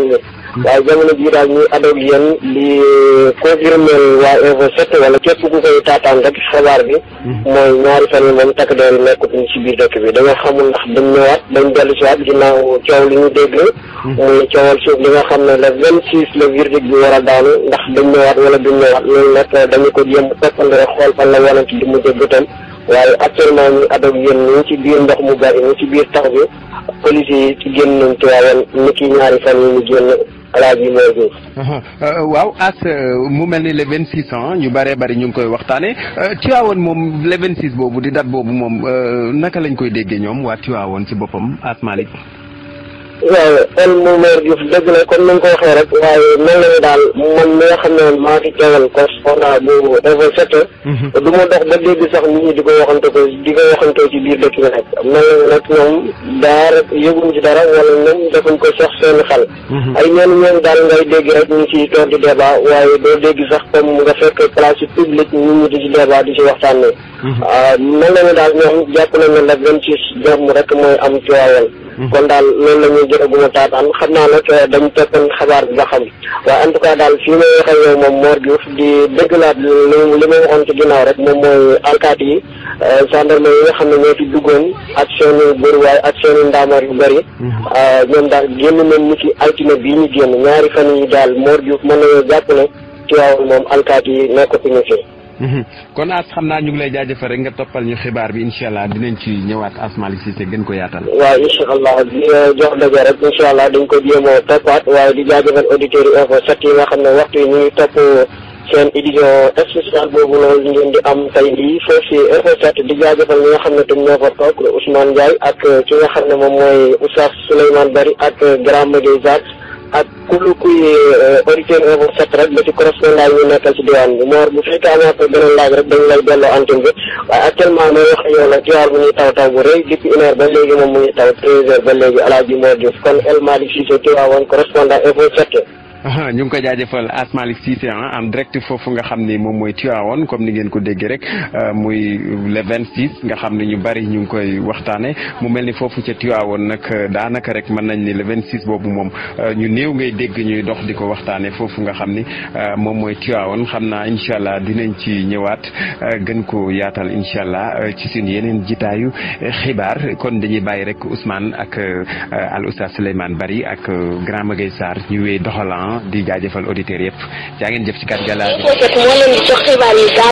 arrivé waaye jamono jii daal ñuy adoog yéen di euh, confirmé waa info 7 wala képp ku koy taataan rek xabaar bi mm-hmm. mooy ñaari fan yi moom takk deer yi nekkutuñ ci biir dëkk bi dañoo xamul ndax dañ ñëwaat dañ dellu si waat ginnaaw coow li ñu dégg mm-hmm. muy coowal suuf li nga xam ne le vingt six le verdict bi war a daanu ndax dañ ñëwaat wala duñ ñëwaat loolu nag ko jéem toppandi rek xool fan la yonent di mujjee bëtam waaye actuellement ñu adag yéen ñu ci biir ndox mu bari ñu ci biir tax bi police yi ci génn nañ Tiwaawan euh, waaw as euh, mu mel ni le vingt six ans ñu bëree bëri ñu ngi koy waxtaane euh, Tiwaawan moom le vingt six boobu di date boobu moom naka lañ koy déggee ñoom waa Tiwaawan ci boppam as Malick waaw kon mu meer na dëgg la comme ko waxee rek waaye mel na ni daal man mi nga xam ne maa ngi teewal correspondant bu Réveil Secteur mhm. du ma dox ba dégg sax nit ñi di ko waxante ko di ko waxantoo ci biir dëkk bi nag mel na nag ñoom daa rek yëguñ ci dara wala ñoom defuñ ko sax seen xel mhm. ay ñeen di débat waaye doo dégg sax comme nga fekk place publique nit ñi di ci débat di ci waxtaanee mel na ni daal ñoom jàpp nañ ne la vingt-six jàmm rek am Tivaouane kon daal loolu la ñuy a bu taataan xam naa nag eh, dañu toppoon xabaar bi ba xam waaye en tout daal fii may waxee moom Mor Diouf di dëggalaat li li ma waxoon ci ginnaaw rek moom mooy alkaati yi eh, gendarme yi nga xam ne ñoo fi duggoon ak seeni bëriwaay ak seeni ndaamaar yu bëri eh, ñoom daal génn nañ ni ci altine bii ñu génn ñaari fan yi daal Mor Diouf mën nañoo jàpp ne moom alkaati yi nekk ko ñu fi Mhm. kon as xam naa ñu ngi lay jaajëfal rek nga toppal ñu xibaar bi incha allah dinañ ci ñëwaat Asmali Cissé gën ko yaatal. waaw incha allah di euh, jox daje rek incha allah dañ ko jéem a toppaat waaye di jaajëfal auditeurs yi info 7 yi nga xam ne waxtu yi ñu ngi topp seen édition spéciale boobu noonu ngeen di am tey jii foofu si info 7 di jaajëfal ñi nga xam ne tam ñoo fa toog Ousmane Ndiaye ak euh, ki nga xam ne moom mooy Oustaz Souleymane Bari ak Grand Maguette ak kullu kuy euh, auditeurs yi bu set rek ba ci correspondant ñu nekkal ci diwaan bi Mor bu fekkee amaat ko beneen laaj rek dañu lay delloo antenne bi waaye actuellement mooy wax yow nag diwaan bu ñuy taw taw bu rëy depuis une ba léegi moom mu ngi taw treize heures ba léegi El Hadj Mor Diouf kon El Malick Cissé Tivaouane correspondant info 7 ñu ngi ko jaajëfal Asmalik Cissé ah, en direct foofu nga xam ni moom mooy Tivaouane comme ni ngeen ko déggee rek euh, muy le 26 nga xam ne ñu bari ñu ngi koy waxtaane mu mel ni foofu ca Tivaouane nag euh, daanaka rek mën nañ ni le 26 boobu moom euh, ñu néew ngay dégg ñuy dox di ko waxtaane foofu nga xam ni moom mooy Tivaouane xam naa incha allah dinañ ci ñëwaat gën ko yaatal incha allah ci suñu yeneen jitaayu xibaar kon dañuy bàyyi rek Ousmane ak Al Oustaz Souleymane Bari ak Grand Maguette Sarr di jaajëfal auditeurs yëpp jaa ngeen jëf ci kat gala